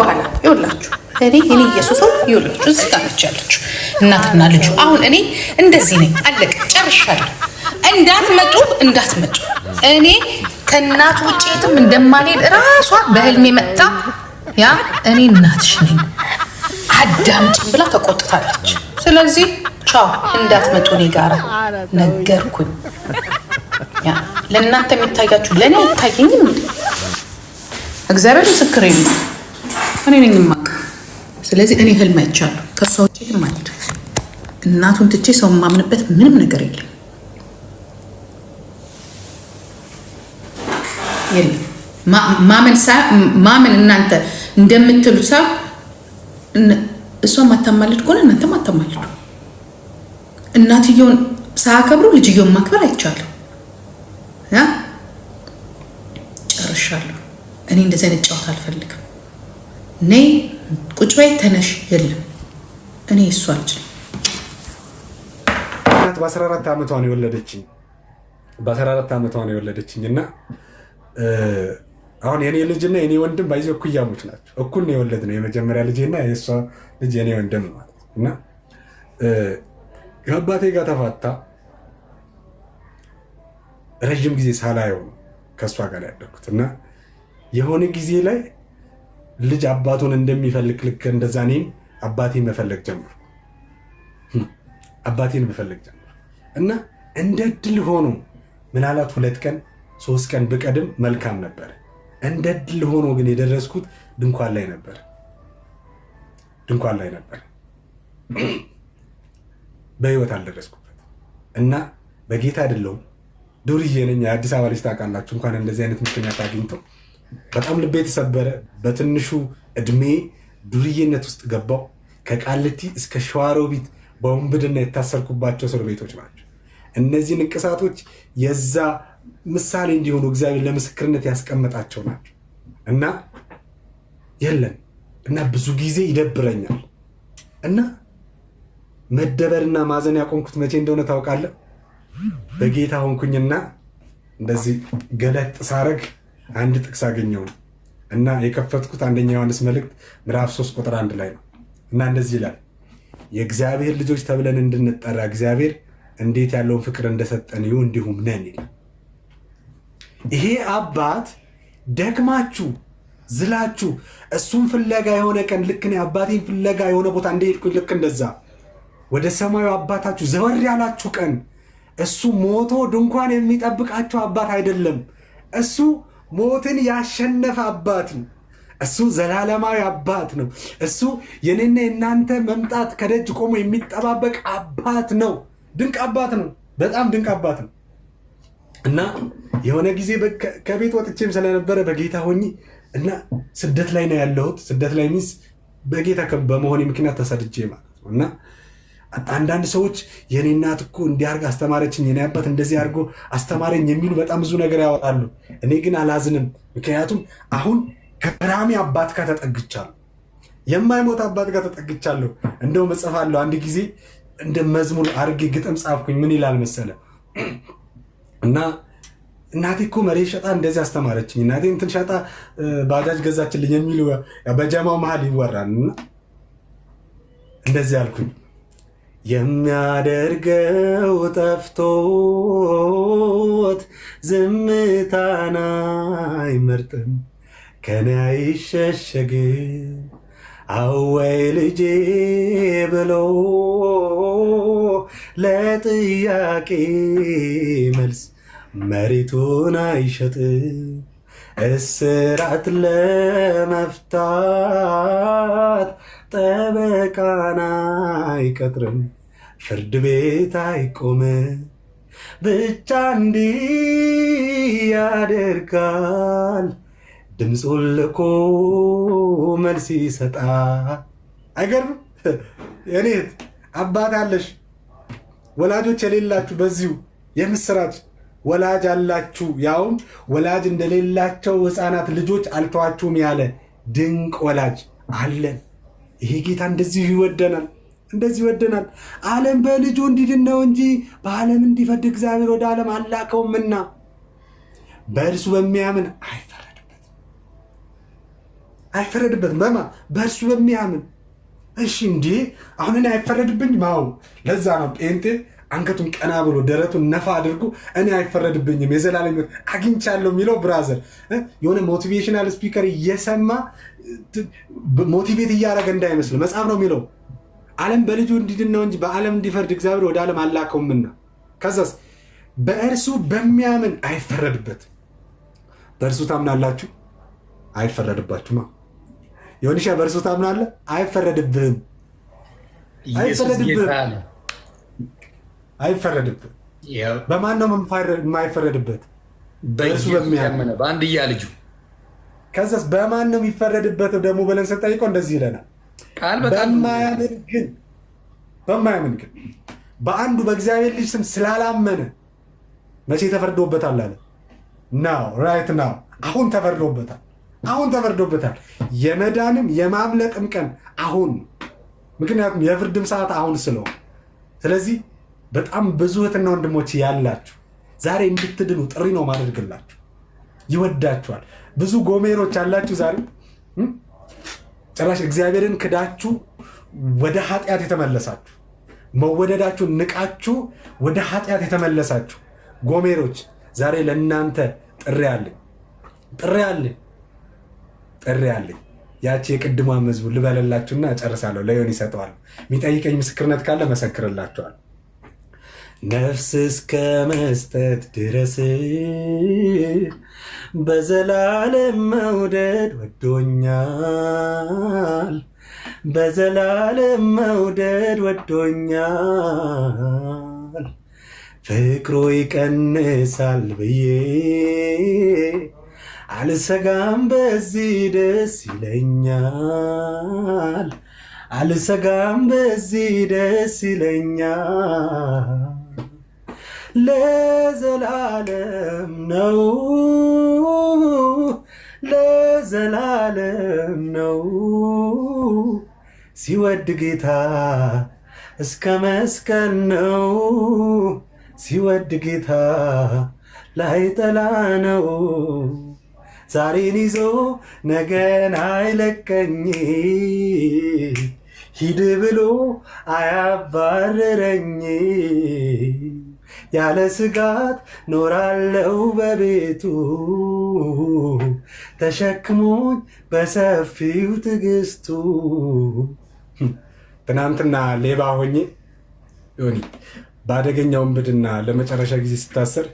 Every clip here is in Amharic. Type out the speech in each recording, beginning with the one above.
በኋላ ይውላችሁ እኔ እኔ ኢየሱስን ይውላችሁ እዚህ ጋር ያለችሁ እናትና ልጁ። አሁን እኔ እንደዚህ ነኝ፣ አለቀ፣ ጨርሻለሁ። እንዳትመጡ እንዳትመጡ። እኔ ከእናት ውጭ የትም እንደማልሄድ እራሷ በህልሜ መጣ። ያ እኔ እናትሽ ነኝ አዳምጪኝ ብላ ተቆጥታለች። ስለዚህ ቻው እንዳትመጡ እኔ ጋር ነገርኩኝ። ለእናንተ የሚታያችሁ ለእኔ አይታየኝም። እግዚአብሔር ምስክር ነው። እኔ ነኝ ስለዚህ እኔ ህልም አይቻለሁ፣ ከእሷ ውጭ እናቱን ትቼ ሰው የማምንበት ምንም ነገር የለም የለም። ማመን እናንተ እንደምትሉት ሰው እሷ ማታማልድ ከሆነ እናንተ ማታማልዱ። እናትየውን ሳያከብሩ ልጅየውን ማክበር አይቻልም። ጨርሻለሁ። እኔ እንደዚህ አይነት ጨዋታ አልፈልግም። ነይ ቁጭ በይ ተነሽ የለም። እኔ እሱ አልችልም። በ14 ዓመቷ ነው የወለደችኝ። በ14 ዓመቷ ነው የወለደችኝ እና አሁን የኔ ልጅና የኔ ወንድም ባይዘ እኩያሞች ናቸው። እኩል ነው የወለድ ነው የመጀመሪያ ልጅ ልጄና የእሷ ልጅ የኔ ወንድም ማለት እና ከአባቴ ጋር ተፋታ ረዥም ጊዜ ሳላየው ነው ከእሷ ጋር ያደኩት እና የሆነ ጊዜ ላይ ልጅ አባቱን እንደሚፈልግ ልክ እንደዛ እኔም አባቴን መፈለግ ጀምር አባቴን መፈለግ ጀምር እና እንደ ድል ሆኖ ምናልባት ሁለት ቀን ሶስት ቀን ብቀድም መልካም ነበር። እንደ ድል ሆኖ ግን የደረስኩት ድንኳን ላይ ነበር። ድንኳን ላይ ነበር። በህይወት አልደረስኩበት እና በጌታ አይደለሁም ዱርዬ ነኝ። የአዲስ አበባ ልጅ ታውቃላችሁ። እንኳን እንደዚህ አይነት ምክንያት አግኝተው በጣም ልቤ የተሰበረ በትንሹ እድሜ ዱርዬነት ውስጥ ገባው። ከቃልቲ እስከ ሸዋሮቢት በወንብድና የታሰርኩባቸው እስር ቤቶች ናቸው። እነዚህ ንቅሳቶች የዛ ምሳሌ እንዲሆኑ እግዚአብሔር ለምስክርነት ያስቀመጣቸው ናቸው እና የለን እና ብዙ ጊዜ ይደብረኛል እና መደበርና ማዘን ያቆምኩት መቼ እንደሆነ ታውቃለህ? በጌታ ሆንኩኝና እንደዚህ ገለጥ ሳረግ አንድ ጥቅስ አገኘው እና የከፈትኩት አንደኛ ዮሐንስ መልእክት ምዕራፍ 3 ቁጥር አንድ ላይ ነው እና እንደዚህ ይላል የእግዚአብሔር ልጆች ተብለን እንድንጠራ እግዚአብሔር እንዴት ያለውን ፍቅር እንደሰጠን ይሁ እንዲሁም ነን ይላል። ይሄ አባት ደክማችሁ ዝላችሁ እሱን ፍለጋ የሆነ ቀን ልክ እኔ አባቴን ፍለጋ የሆነ ቦታ እንደሄድኩኝ ልክ እንደዛ ወደ ሰማዩ አባታችሁ ዘወር ያላችሁ ቀን እሱ ሞቶ ድንኳን የሚጠብቃችሁ አባት አይደለም። እሱ ሞትን ያሸነፈ አባት ነው። እሱ ዘላለማዊ አባት ነው። እሱ የኔና የእናንተ መምጣት ከደጅ ቆሞ የሚጠባበቅ አባት ነው። ድንቅ አባት ነው። በጣም ድንቅ አባት ነው እና የሆነ ጊዜ ከቤት ወጥቼም ስለነበረ በጌታ ሆኜ እና ስደት ላይ ነው ያለሁት። ስደት ላይ ሚስ በጌታ በመሆኔ ምክንያት ተሰድጄ ማለት ነው እና አንዳንድ ሰዎች የኔ እናት እኮ እንዲያርግ አስተማረችኝ፣ የኔ አባት እንደዚህ አድርጎ አስተማረኝ የሚሉ በጣም ብዙ ነገር ያወጣሉ። እኔ ግን አላዝንም፣ ምክንያቱም አሁን ገራሚ አባት ጋር ተጠግቻለሁ፣ የማይሞት አባት ጋር ተጠግቻለሁ። እንደው መጽፋለሁ አንድ ጊዜ እንደ መዝሙር አድርጌ ግጥም ጻፍኩኝ። ምን ይላል መሰለ እና እናቴ እኮ መሬት ሸጣ እንደዚህ አስተማረችኝ፣ እናቴ እንትን ሸጣ ባጃጅ ገዛችልኝ የሚሉ በጀማው መሀል ይወራል እና እንደዚህ አልኩኝ የሚያደርገው ጠፍቶት ዝምታን አይመርጥም፣ ከኔ አይሸሸግም። አወይ ልጄ ብሎ ለጥያቄ መልስ መሬቱን አይሸጥ እስራት ለመፍታት ጠበቃና አይቀጥርም፣ ፍርድ ቤት አይቆምም፣ ብቻ እንዲህ ያደርጋል፣ ድምፁን ልኮ መልስ ይሰጣል። አይገርም? የኔት አባት አለሽ ወላጆች የሌላችሁ በዚሁ የምስራች ወላጅ አላችሁ፣ ያውም ወላጅ እንደሌላቸው ህፃናት ልጆች አልተዋችሁም ያለ ድንቅ ወላጅ አለን። ይሄ ጌታ እንደዚህ ይወደናል እንደዚህ ይወደናል። ዓለም በልጁ እንዲድን ነው እንጂ በዓለም እንዲፈርድ እግዚአብሔር ወደ ዓለም አላከውምና በእርሱ በሚያምን አይፈረድበትም። አይፈረድበትም በማ በእርሱ በሚያምን እሺ እንዲህ አሁን አሁንን አይፈረድብኝ ማው ለዛ ነው ጴንጤ አንገቱን ቀና ብሎ ደረቱን ነፋ አድርጎ እኔ አይፈረድብኝም የዘላለም አግኝቻለሁ የሚለው ብራዘር የሆነ ሞቲቬሽናል ስፒከር እየሰማ ሞቲቬት እያደረገ እንዳይመስል መጽሐፍ ነው የሚለው። ዓለም በልጁ እንዲድን ነው እንጂ በዓለም እንዲፈርድ እግዚአብሔር ወደ ዓለም አላከውምና፣ ከዛስ በእርሱ በሚያምን አይፈረድበት። በእርሱ ታምናላችሁ አይፈረድባችሁማ። የሆንሻ በእርሱ ታምናለህ አይፈረድብህም፣ አይፈረድብህም አይፈረድብህ። በማን ነው የማይፈረድበት? በእሱ በአንድያ ልጁ። ከዛስ በማን ነው የሚፈረድበት ደግሞ ብለን ስንጠይቀው እንደዚህ ይለናል፣ በማያምን ግን በማያምን ግን በአንዱ በእግዚአብሔር ልጅ ስም ስላላመነ መቼ ተፈርዶበታል አለ ናው ራይት ናው አሁን ተፈርዶበታል። አሁን ተፈርዶበታል። የመዳንም የማምለጥም ቀን አሁን፣ ምክንያቱም የፍርድም ሰዓት አሁን ስለሆነ ስለዚህ በጣም ብዙ እህትና ወንድሞች ያላችሁ ዛሬ እንድትድኑ ጥሪ ነው ማደርግላችሁ። ይወዳችኋል። ብዙ ጎሜሮች አላችሁ ዛሬ ጭራሽ እግዚአብሔርን ክዳችሁ ወደ ኃጢአት የተመለሳችሁ መወደዳችሁ ንቃችሁ ወደ ኃጢአት የተመለሳችሁ ጎሜሮች ዛሬ ለእናንተ ጥሪ አለኝ፣ ጥሪ አለኝ፣ ጥሪ አለኝ። ያቺ የቅድሟ መዝሙር ልበለላችሁና ጨርሳለሁ። ለዮን ይሰጠዋል። የሚጠይቀኝ ምስክርነት ካለ መሰክርላችኋል። ነፍስ እስከ መስጠት ድረስ በዘላለም መውደድ ወዶኛል፣ በዘላለም መውደድ ወዶኛል። ፍቅሩ ይቀንሳል ብዬ አልሰጋም፣ በዚህ ደስ ይለኛል፣ አልሰጋም፣ በዚህ ደስ ይለኛል። ለዘላለም ነው ለዘላለም ነው ሲወድ ጌታ እስከ መስቀል ነው ሲወድ ጌታ ላይጠላ ነው ዛሬን ይዞ ነገን አይለቀኝ ሂድ ብሎ አያባረረኝ ያለ ስጋት ኖራለው በቤቱ ተሸክሞኝ በሰፊው ትግስቱ ትናንትና ሌባ ሆኜ ዮኒ በአደገኛው እምብድና ለመጨረሻ ጊዜ ስታሰር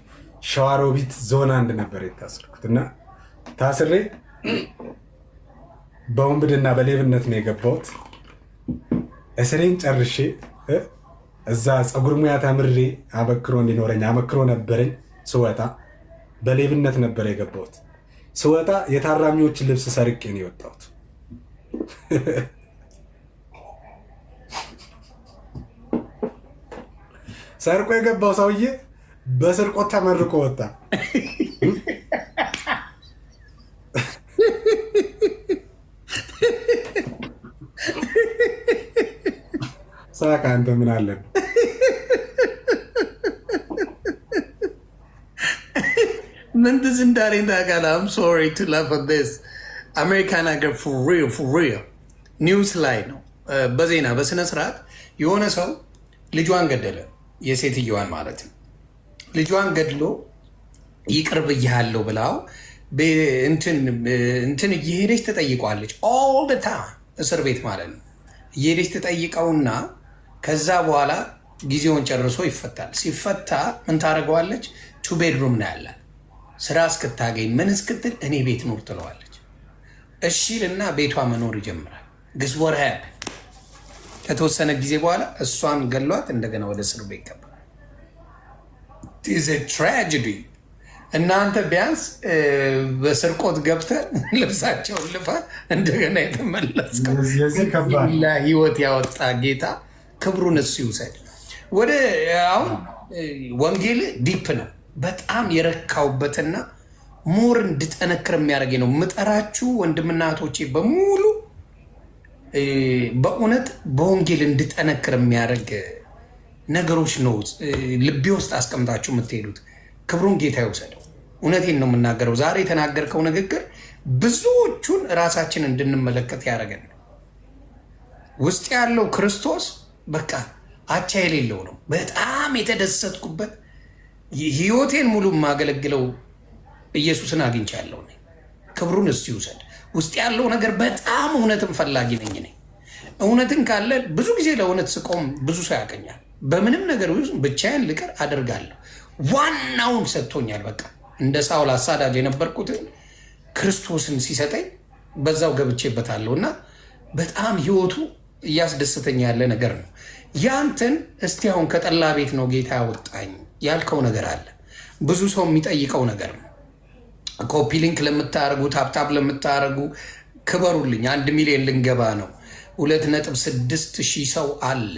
ሸዋሮቢት ዞን አንድ ነበር የታሰርኩት እና ታስሬ በወንብድና በሌብነት ነው የገባሁት። እስሬን ጨርሼ እዛ ፀጉር ሙያ ተምሬ አበክሮ እንዲኖረኝ አመክሮ ነበረኝ። ስወጣ በሌብነት ነበር የገባሁት። ስወጣ የታራሚዎች ልብስ ሰርቄ ነው የወጣሁት። ሰርቆ የገባው ሰውዬ በስርቆት ተመርቆ ወጣ። ሳቅ አንተ ምን አለን ምን ትዝ እንዳለኝ ታውቃለህ? አም ሶሪ ቱ ላፍ ኦን ዲስ አሜሪካን ሀገር ፎር ሪል ኒውስ ላይ ነው በዜና በስነ ስርዓት የሆነ ሰው ልጇን ገደለ፣ የሴትየዋን ማለት ነው። ልጇን ገድሎ ይቅር ብያለሁ ብላው እንትን እየሄደች ትጠይቋለች። ኦል ታይም እስር ቤት ማለት ነው። እየሄደች ትጠይቀውና ከዛ በኋላ ጊዜውን ጨርሶ ይፈታል። ሲፈታ ምን ታደርገዋለች? ቱ ቤድሩም ነው ያላት ስራ እስክታገኝ ምን እስክትል እኔ ቤት ኑር ትለዋለች። እሺልና ቤቷ መኖር ይጀምራል። ግስ ወር ከተወሰነ ጊዜ በኋላ እሷን ገሏት እንደገና ወደ እስር ቤት ገባ። ትራጀዲ እናንተ ቢያንስ በስርቆት ገብተህ ልብሳቸውን ልፋ እንደገና የተመለስከው ህይወት ያወጣ ጌታ ክብሩን እሱ ይውሰድ። ወደ አሁን ወንጌል ዲፕ ነው በጣም የረካውበትና ሞር እንድጠነክር የሚያደርገኝ ነው። ምጠራችሁ ወንድምና እህቶቼ በሙሉ በእውነት በወንጌል እንድጠነክር የሚያደርግ ነገሮች ነው ልቤ ውስጥ አስቀምጣችሁ የምትሄዱት። ክብሩን ጌታ ይውሰደው። እውነቴን ነው የምናገረው። ዛሬ የተናገርከው ንግግር ብዙዎቹን ራሳችን እንድንመለከት ያደረገን ውስጥ ያለው ክርስቶስ በቃ አቻ የሌለው ነው። በጣም የተደሰትኩበት ህይወቴን ሙሉ የማገለግለው ኢየሱስን አግኝቻለሁ። ክብሩን እሱ ይውሰድ። ውስጥ ያለው ነገር በጣም እውነትም ፈላጊ ነኝ ነኝ እውነትን ካለ ብዙ ጊዜ ለእውነት ስቆም ብዙ ሰው ያገኛል በምንም ነገር ብቻዬን ልቀር አደርጋለሁ። ዋናውን ሰጥቶኛል። በቃ እንደ ሳውል አሳዳጅ የነበርኩትን ክርስቶስን ሲሰጠኝ በዛው ገብቼበታለሁ እና በጣም ህይወቱ እያስደስተኛ ያለ ነገር ነው። ያንተን እስቲ አሁን ከጠላ ቤት ነው ጌታ ያወጣኝ ያልከው ነገር አለ። ብዙ ሰው የሚጠይቀው ነገር ነው። ኮፒ ሊንክ ለምታደርጉ፣ ታፕታፕ ለምታደርጉ ክበሩልኝ። አንድ ሚሊዮን ልንገባ ነው። ሁለት ነጥብ ስድስት ሺህ ሰው አለ።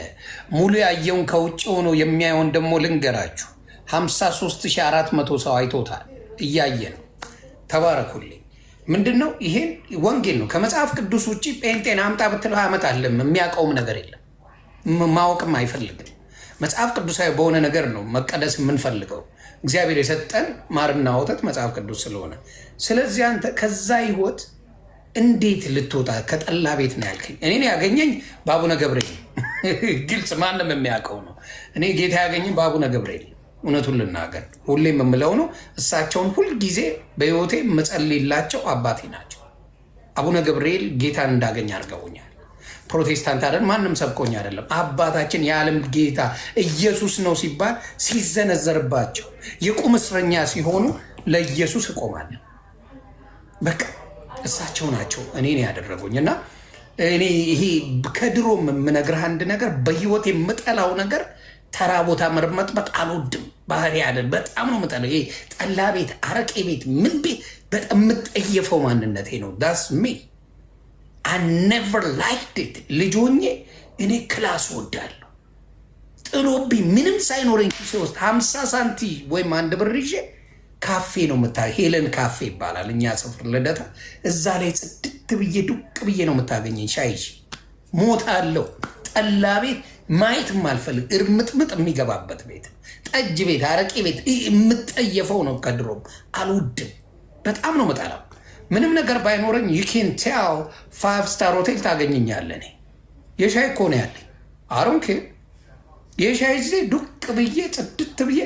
ሙሉ ያየውን ከውጭ ሆኖ የሚያየውን ደግሞ ልንገራችሁ፣ ሃሳ304መቶ ሰው አይቶታል፣ እያየ ነው። ተባረኩልኝ። ምንድን ነው ይሄን? ወንጌል ነው። ከመጽሐፍ ቅዱስ ውጭ ጴንጤን አምጣ ብትለው አመጣለም። የሚያውቀውም ነገር የለም፣ ማወቅም አይፈልግም። መጽሐፍ ቅዱሳዊ በሆነ ነገር ነው መቀደስ የምንፈልገው። እግዚአብሔር የሰጠን ማርና ወተት መጽሐፍ ቅዱስ ስለሆነ፣ ስለዚህ አንተ ከዛ ህይወት እንዴት ልትወጣ ከጠላ ቤት ነው ያልከኝ? እኔ ያገኘኝ በአቡነ ገብርኤል ግልጽ፣ ማንም የሚያውቀው ነው። እኔ ጌታ ያገኘኝ በአቡነ ገብርኤል እውነቱን ልናገር፣ ሁሌ የምለው ነው። እሳቸውን ሁልጊዜ በህይወቴ መጸልላቸው አባቴ ናቸው። አቡነ ገብርኤል ጌታን እንዳገኝ አድርገውኛል። ፕሮቴስታንት አይደል? ማንም ሰብኮኝ አይደለም። አባታችን የዓለም ጌታ ኢየሱስ ነው ሲባል ሲዘነዘርባቸው የቁም እስረኛ ሲሆኑ ለኢየሱስ እቆማለሁ። በቃ እሳቸው ናቸው እኔን ያደረጉኝ እና እኔ ይሄ ከድሮም የምነግርህ አንድ ነገር በህይወት የምጠላው ነገር ተራ ቦታ መርመጥመጥ አልወድም። ባህሪ ያለ በጣም ነው የምጠላው። ይሄ ጠላ ቤት፣ አረቄ ቤት፣ ምን ቤት በጣም የምጠየፈው ማንነቴ ነው ዳስ ሜ አነቨር ላይክድ ኢት ልጆኜ እኔ ክላስ ወዳለሁ። ጥሎብኝ ምንም ሳይኖረኝ ኪሴ ውስጥ ሀምሳ ሳንቲ ወይም አንድ ብር ይዤ ካፌ ነው የምታ ሄለን ካፌ ይባላል እኛ ሰፈር ልደታ፣ እዛ ላይ ጽድት ብዬ ዱቅ ብዬ ነው የምታገኘኝ። ሻይ ሞት አለው ጠላ ቤት ማየት አልፈልግ። እርምጥምጥ የሚገባበት ቤት፣ ጠጅ ቤት፣ አረቄ ቤት የምጠየፈው ነው። ከድሮም አልወድም። በጣም ነው መጣላው ምንም ነገር ባይኖረኝ ዩኬን ቴል ፋይቭ ስታር ሆቴል ታገኘኛለህ። እኔ የሻይ እኮ ነው ያለኝ። አሮንኬ የሻይ ጊዜ ዱቅ ብዬ ጽድት ብዬ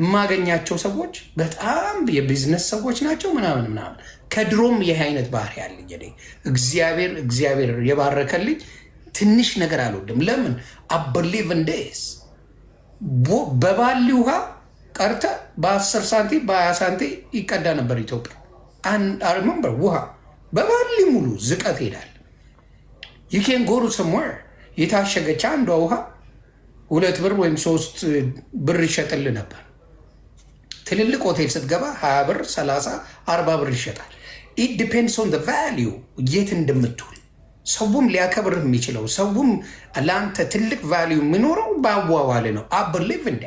የማገኛቸው ሰዎች በጣም የቢዝነስ ሰዎች ናቸው ምናምን ምናምን። ከድሮም ይህ አይነት ባህሪ ያለኝ እግዚአብሔር እግዚአብሔር የባረከልኝ ትንሽ ነገር አልወድም። ለምን አበሊቭ እንደስ በባሊ ውሃ ቀርተ በአስር 10 ሳንቲ በ ሳንቲ ይቀዳ ነበር ኢትዮጵያ ሪመምበር ውሃ በባሊ ሙሉ ዝቀት ሄዳል። ዩኬን ጎሩ ስሞር የታሸገች አንዷ ውሃ ሁለት ብር ወይም ሶስት ብር ይሸጥል ነበር። ትልልቅ ሆቴል ስትገባ 20 ብር፣ 30፣ 40 ብር ይሸጣል። ኢት ዲፔንድስ ኦን ቫሊዩ የት እንደምትውል ሰውም ሊያከብር የሚችለው ሰውም ለአንተ ትልቅ ቫሊዩ የሚኖረው በአዋዋል ነው። አብሊቭ እንደ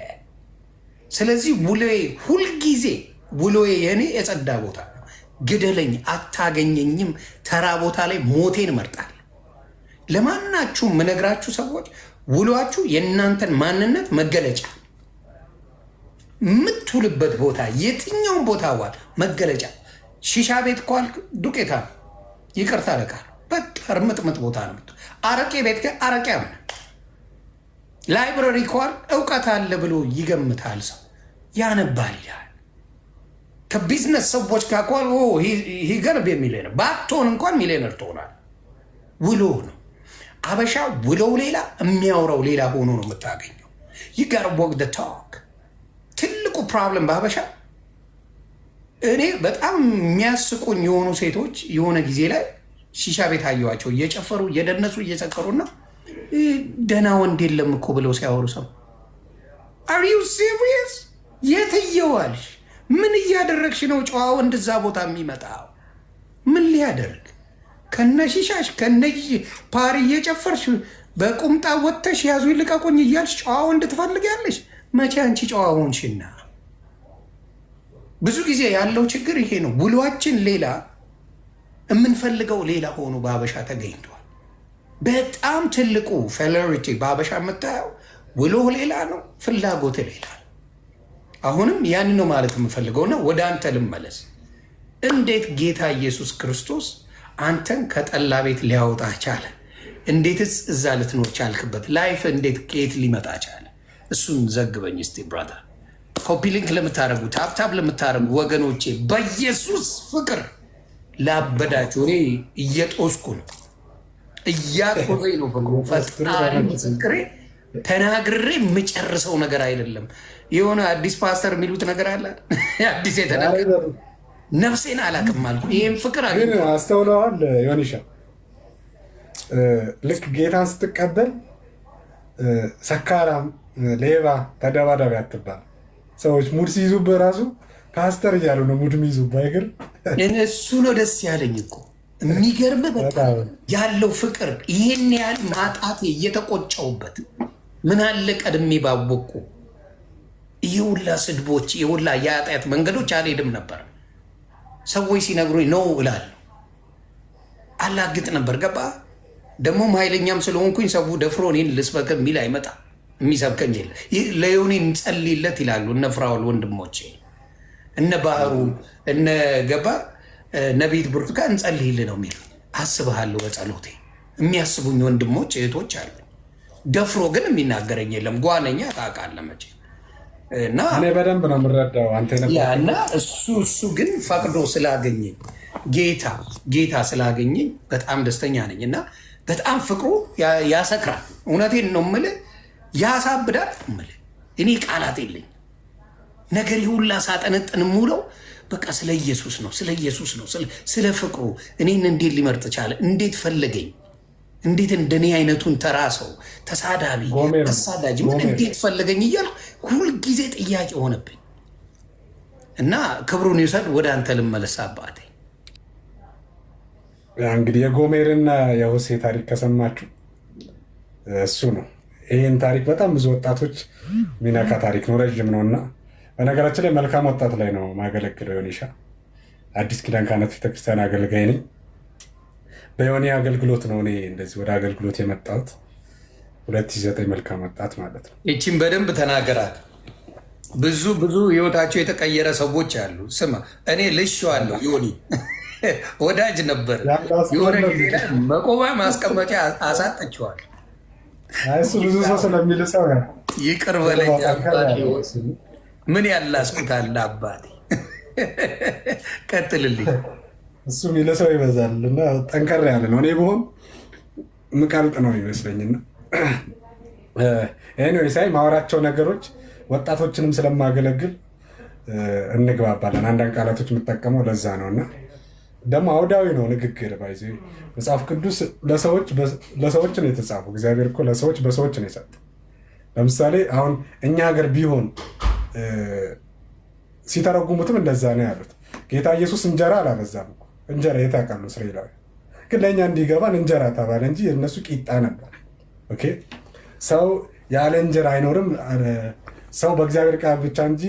ስለዚህ ውሎዬ ሁልጊዜ ውሎዬ የእኔ የጸዳ ቦታ ግደለኝ፣ አታገኘኝም። ተራ ቦታ ላይ ሞቴን እመርጣለሁ። ለማናችሁ የምነግራችሁ ሰዎች ውሏችሁ የእናንተን ማንነት መገለጫ የምትውልበት ቦታ የትኛውን ቦታ ዋል መገለጫ ሺሻ ቤት ኳል ዱቄታ ይቅርታ ለቃል በጣም ምጥምጥ ቦታ ነው። አረቄ ቤት አረቄ አምነ ላይብረሪ ኳል እውቀት አለ ብሎ ይገምታል ሰው ያነባል ይላል። ከቢዝነስ ሰዎች ጋር ሂገርብ የሚሊዮነር ባትሆን እንኳን ሚሊዮነር ትሆናል። ውሎ ነው አበሻ ውለው ሌላ የሚያወራው ሌላ ሆኖ ነው የምታገኘው። ይጋር ወግ ደ ታክ ትልቁ ፕሮብለም በአበሻ እኔ በጣም የሚያስቁኝ የሆኑ ሴቶች የሆነ ጊዜ ላይ ሺሻ ቤት አየዋቸው እየጨፈሩ እየደነሱ እየሰከሩና ደህና ወንድ የለም እኮ ብለው ሲያወሩ ሰው አር ዩ ሲሪየስ የትየዋልሽ ምን እያደረግሽ ነው? ጨዋው እንድዛ ቦታ የሚመጣው ምን ሊያደርግ ከነሺሻሽ ከነ ፓሪ እየጨፈርሽ በቁምጣ ወጥተሽ ያዙ ይልቀቁኝ እያልሽ ጨዋው እንድትፈልግ ያለሽ መቼ አንቺ ጨዋውንሽና? ብዙ ጊዜ ያለው ችግር ይሄ ነው። ውሏችን ሌላ የምንፈልገው ሌላ ሆኖ በአበሻ ተገኝቷል። በጣም ትልቁ ፌሎሪቲ በአበሻ የምታየው ውሎ ሌላ ነው፣ ፍላጎት ሌላ ነው። አሁንም ያን ነው ማለት የምፈልገውና ወደ አንተ ልመለስ። እንዴት ጌታ ኢየሱስ ክርስቶስ አንተን ከጠላ ቤት ሊያወጣ ቻለ? እንዴትስ እዛ ልትኖር ቻልክበት? ላይፍ እንዴት ከየት ሊመጣ ቻለ? እሱን ዘግበኝ እስቲ ብራታ። ኮፒ ሊንክ ለምታደርጉ ታብታብ ለምታደረጉ ወገኖቼ በኢየሱስ ፍቅር ላበዳችሁ፣ እኔ እየጦስኩ ነው፣ እያቆዘኝ ነው ፈጣሪ ምስክሬ ተናግሬ የምጨርሰው ነገር አይደለም። የሆነ አዲስ ፓስተር የሚሉት ነገር አለ። አዲስ የተናገ ነፍሴን አላቅም አልኩ። ይህም ፍቅር ግን አስተውለዋል። ዮኒሻ ልክ ጌታን ስትቀበል ሰካራም፣ ሌባ፣ ተደባዳቢ አትባል። ሰዎች ሙድ ሲይዙብህ ራሱ ፓስተር እያሉ ነው ሙድ የሚይዙብህ። አይገርም? እሱ ነው ደስ ያለኝ እኮ የሚገርምህ በጣም ያለው ፍቅር ይህን ያህል ማጣት እየተቆጨውበት ምን አለ ቀድሜ ባወቅኩ። የውላ ስድቦች የውላ የኃጢአት መንገዶች አልሄድም ነበር። ሰዎች ሲነግሩኝ ነው እላለሁ። አላግጥ ነበር ገባ። ደግሞም ኃይለኛም ስለሆንኩኝ ሰው ደፍሮ እኔን ልስበክ የሚል አይመጣ የሚሰብከኝ የለ። ለዮኒ እንጸልይለት ይላሉ እነ ፍራውል ወንድሞቼ፣ እነ ባህሩ እነ ገባ ነቢት ብርቱካን እንጸልይል ነው የሚሉ አስብሃለሁ። በጸሎቴ የሚያስቡኝ ወንድሞች እህቶች አሉ። ደፍሮ ግን የሚናገረኝ የለም። ጓነኛ ታውቃለህ መቼም እና እኔ በደንብ ነው የምረዳው አንተ እና እሱ እሱ ግን ፈቅዶ ስላገኘኝ ጌታ ጌታ ስላገኘኝ በጣም ደስተኛ ነኝ። እና በጣም ፍቅሩ ያሰክራል። እውነቴን ነው የምልህ፣ ያሳብዳል የምልህ እኔ ቃላት የለኝ። ነገር ሁላ ሳጠነጥን ሙለው በቃ ስለ ኢየሱስ ነው፣ ስለ ኢየሱስ ነው፣ ስለ ፍቅሩ እኔን እንዴት ሊመርጥ ቻለ? እንዴት ፈለገኝ? እንዴት እንደኔ አይነቱን ተራ ሰው ተሳዳቢ፣ ተሳዳጅ ምን እንዴት ፈለገኝ እያልኩ ሁልጊዜ ጥያቄ ሆነብኝ እና ክብሩን ይውሰድ። ወደ አንተ ልመለስ አባቴ። እንግዲህ የጎሜርና የሆሴ ታሪክ ከሰማችሁ እሱ ነው። ይህን ታሪክ በጣም ብዙ ወጣቶች ሚነካ ታሪክ ነው፣ ረዥም ነው እና በነገራችን ላይ መልካም ወጣት ላይ ነው ማገለግለው ዮኒሻ አዲስ ኪዳን ካህናት ቤተክርስቲያን አገልጋይ ነኝ። በየሆነ አገልግሎት ነው እኔ እንደዚህ ወደ አገልግሎት የመጣሁት። 2009 መልካም ወጣት ማለት ነው። ይቺም በደንብ ተናገራት። ብዙ ብዙ ህይወታቸው የተቀየረ ሰዎች አሉ። ስማ እኔ ልሽ ልሼዋለሁ። ዮኒ ወዳጅ ነበር። የሆነ ጊዜ መቆማ ማስቀመጫ አሳጠችዋል። እሱ ብዙ ሰው ስለሚልሰው ይቅር በለኝ አባቴ። ምን ያላስኩታል አባቴ። ቀጥልልኝ እሱም ለሰው ይበዛል እና ጠንከር ያለ ነው። እኔ በሆን ምቀልጥ ነው ይመስለኝና ይህን ሳይ ማወራቸው ነገሮች ወጣቶችንም ስለማገለግል እንግባባለን። አንዳንድ ቃላቶች የምጠቀመው ለዛ ነው እና ደግሞ አውዳዊ ነው ንግግር ባይዜ መጽሐፍ ቅዱስ ለሰዎች ነው የተጻፈው። እግዚአብሔር እኮ ለሰዎች በሰዎች ነው የሰጠው። ለምሳሌ አሁን እኛ ሀገር ቢሆን ሲተረጉሙትም እንደዛ ነው ያሉት። ጌታ ኢየሱስ እንጀራ አላበዛም እኮ እንጀራ የታውቃሉ እስራኤላዊ ግን ለእኛ እንዲገባን እንጀራ ተባለ እንጂ የእነሱ ቂጣ ነበር። ኦኬ ሰው ያለ እንጀራ አይኖርም። ሰው በእግዚአብሔር ቃል ብቻ እንጂ